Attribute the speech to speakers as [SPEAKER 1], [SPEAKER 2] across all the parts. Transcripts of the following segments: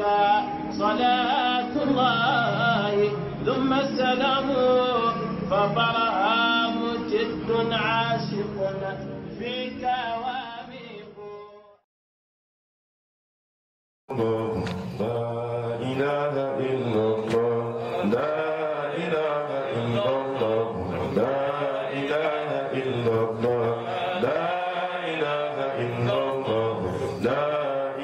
[SPEAKER 1] عليك صلاة الله ثم السلام فطرها مجد عاشق فيك وامق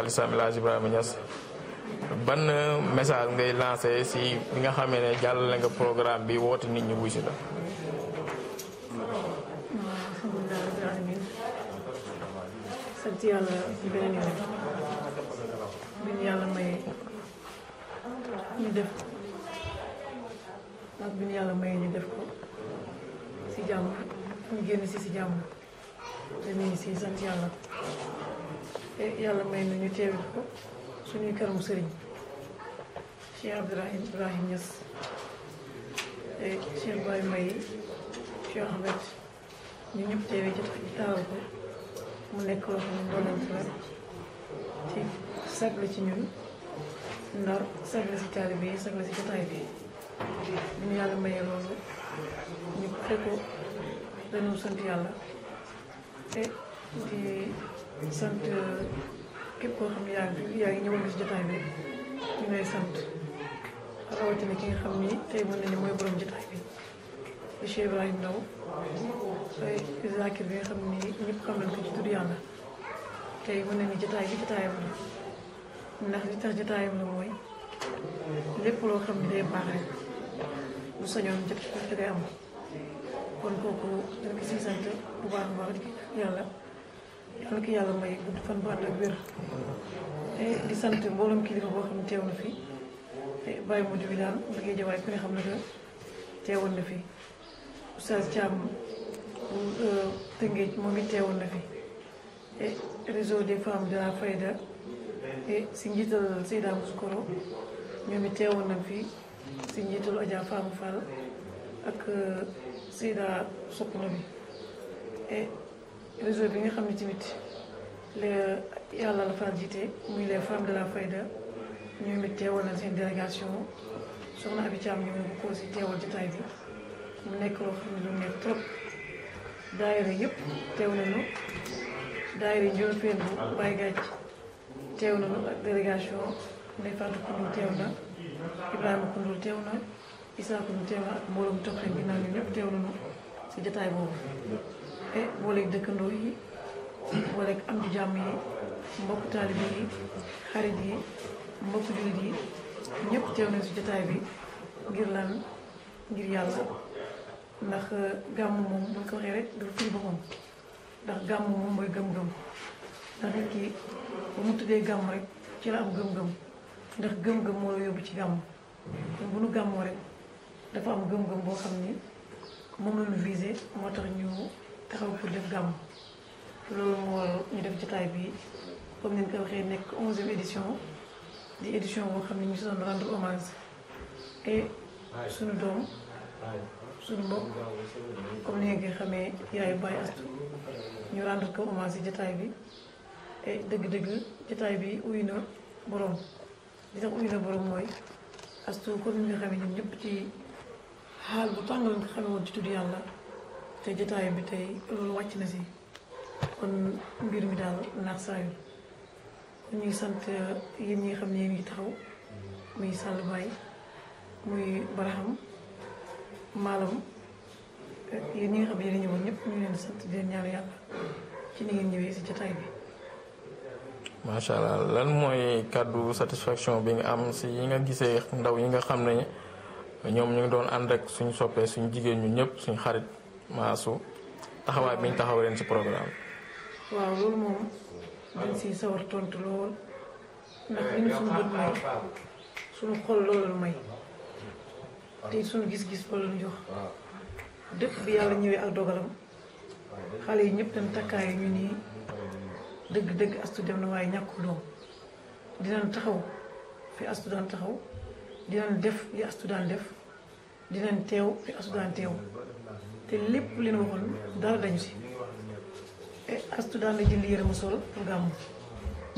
[SPEAKER 1] Alisam El Hadj Ibrahima Niass ban message ngay lancé si bi nga xamee ne jàllale nga programme bi woote nit ñi wuy si la. sant yàlla beneen yoon bi ñu yàlla may ñu def ko ak bi ñu yàlla may ñu def ko si jàmm ñu génn si si jàmm. te ñu ngi yàlla may na ñu teewit ko suñuy kanamu sëriñ Cheikh Abdourahim Ibrahim Niass te May Cheikh Ahmed ñu ñëpp teewee ci taaral ko mu nekk loo xam ne dooleem la ci sagle ci ñun ndar sagle si bi ñu yàlla mayee loolu sant yàlla te di sant képp koo xam ne yaa ngi yaa ngi ñëwoon ci bi ñu ngay sant rawatina ki nga xam ni tey mën nañu mooy borom jotaay bi di Cheikh Ndaw ay xam ni ñëpp xam nañ tey mën nañu jotaay bi jotaayam la ndax li tax jotaayam la mooy lépp loo xam ne day baax rek bu sañoon jot ci day kon kooku dañ ko siy sant bu baax a baax di yàlla yal na may gudd fan bu ànd ak wér di sant mbooloom kilifa boo xam ne teew na fi te bàyyi ma jubi daal bu ngeen jëwaay ku xam ne que na fi Oustaz euh, moom it teewoon na fi te des femmes de si njiital Seyda Mouskoro ñoom it teewoon na fi si njiitalu Adja Fama Fall. ak euh, Seyda Sokhna bi et réseau bi nga xam ne tamit les yàlla la faral jiite muy les femmes de la fayda ñoom it teewal na seen délégation soxna Abi Thiam ñoom ñu ko aussi teewal bi mu nekk loo xam lu nekk trop daayira yëpp teew nañu daayira Ndiol Pendu Baye Gàcc teew nañu ak délégation Ndeye Fatou Koundoul teew na Ibrahima Koundoul teew na. Issa ko ñu teewal ak mbooloo mu topp xëy ginnaaw ñun ñëpp teew nañu si jotaay boobu e booleeg dëkkandoo yi booleeg am di jàmm yi mbokk taalibe yi xarit yi mbokk jullit yi ñëpp teew nañ si jataay bi ngir lan ngir yàlla ndax eh, gàmm moom buñ ko waxee rek dafa firi boppam ndax gàmm moom mooy gëm-gëm ndax nit ki mu tëddee gàmm rek ci la am gëm-gëm ndax gëm-gëm moo yóbbu ci gàmm te bu nu gàmmoo rek dafa am gëm-gëm boo xam ni moom la ñu visé moo tax ñu taxaw pour def gàmm loolu moo waral ñu def jotaay bi comme ni ñu ko waxee nekk onzième édition di édition boo xam ne ñu si doon rendre hommage et suñu doom suñu mbokk comme ni nga xamee yaayu Baye Astou ñu rendre ko hommage jataay bi dëgg-dëgg jotaay bi uyu na borom li tax uyu na borom mooy Astou comme ni nga xamee ñun ñëpp ci. xaal bu tàng lañ ko xamee woon ci tudd yàlla te jotaay bi tey loolu wàcc na si kon mbir mi daal naax saayu kon ñuy sant yéen ñi nga xam ne yéen ngi taxaw muy Sall Baye muy Baraham Malam ñi nga xam ne yéen ñëwoon ñëpp ñu leen sant di leen yàlla ci ni ngeen ñëwee si jotaay bi. macha allah lan mooy kàddu satisfaction bi nga am si yi nga gisee ndaw yi nga xam ne. ñoom ñu ngi doon ànd rek suñu soppee suñu jigéen ñu ñëpp suñu xarit maasu taxawaay bi ñu taxaw leen ci programme waaw loolu moom dañ siy sawar tontu lool ndax li ñu suñu bët may suñu xol loolu may te suñu gis-gis loolu jox dëkk bi yàlla ñëwee ak dogalam xale yi ñëpp dañ takkaayu ñu nii dëgg dëgg astu dem na waaye ñàkkul doom dinañ taxaw fi astu daan taxaw dinañ def li astu daan def dinañ teew li astu daan teew te lépp leen waxoon dara dañu si e astu daan na jënd yére mu sol pour gàmmu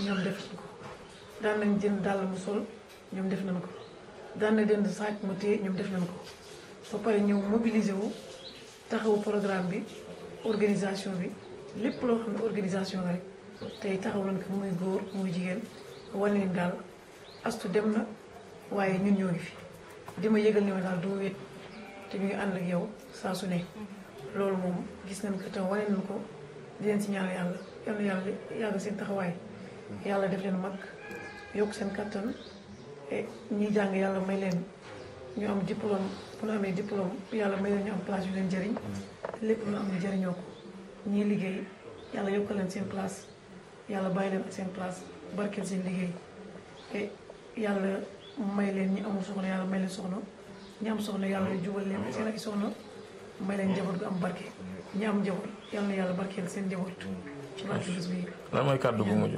[SPEAKER 1] ñoom def nañ ko daan nañ jënd dàll mu sol ñoom def nañ ko daan na jënd saak mu téye ñoom def nañ ko ba pare ñëw mobiliser wu taxawu programme bi organisation bi lépp loo xam ne organisation la rek tey taxaw nañ ko muy góor muy jigéen wane daal astu dem na waaye ñun ñoo ngi fi di ma yëgal ne ma daal doo wéet te ñu ngi ànd ak yow saa su ne loolu moom gis nañ ko tam wane ko di leen si ñaanal yàlla yal na yàlla seen taxawaay yàlla def leen mag yokk seen kattan et ñi jàng yàlla may leen ñu am diplôme bu ñu amee diplôme yàlla may leen ñu am place yu leen jëriñ lépp lu am ne jëriñoo ko ñii liggéey yàlla yokkal leen seen place yàlla bàyyi leen seen place barkeel seen liggéey e yàlla may leen ñi amul soxna yàlla may leen soxna ñi am soxna yàlla jubal leen seen ak soxna may leen njaboot gu am barke ñi am njaboot yal na yàlla barkeel seen njaboot. ci barke bis bi. lan mooy kàddu gu mujj.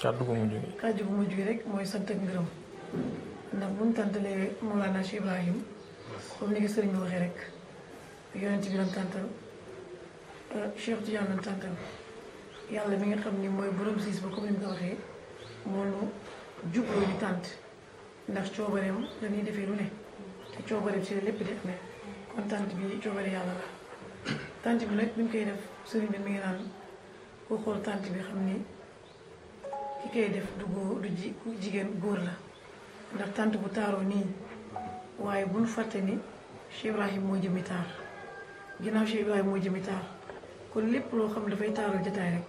[SPEAKER 1] kàddu gu mujj gi. kàddu gu mujj rek mooy sant ak ngërëm ndax bu ñu tàntalee Mawlana Cheikh Ibrahim comme ni ko waxee rek yonent bi lan tàntal euh, Cheikh Tidiane lan tàntal yàlla mi xam ni mooy borom siis ba comme ni mu ko waxee moo ñu jubloo ñu tànt ndax coobareem dañuy defee lu ne te coobareem si lépp di amee kon tant bi coobare yàlla la tant bi nag bi mu koy def sëriñ bi mi ngi naan xool tant bi xam ni ki koy def du góor du ji jigéen góor la ndax tant bu taaroo nii waaye bu fàtte ni Cheikh Ibrahim moo jëmi taar ginnaaw Cheikh Ibrahim moo jëmi taar kon lépp loo xam dafay taaral jataay rek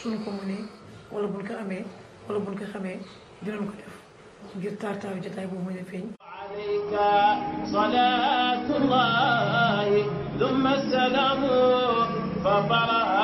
[SPEAKER 1] suñ ko mënee wala buñ ko amee wala buñ ko xamee dinañ ko def ngir taartaayu jotaay boobu mu ne feeñ alayka salaatullahi thumma salaamu fa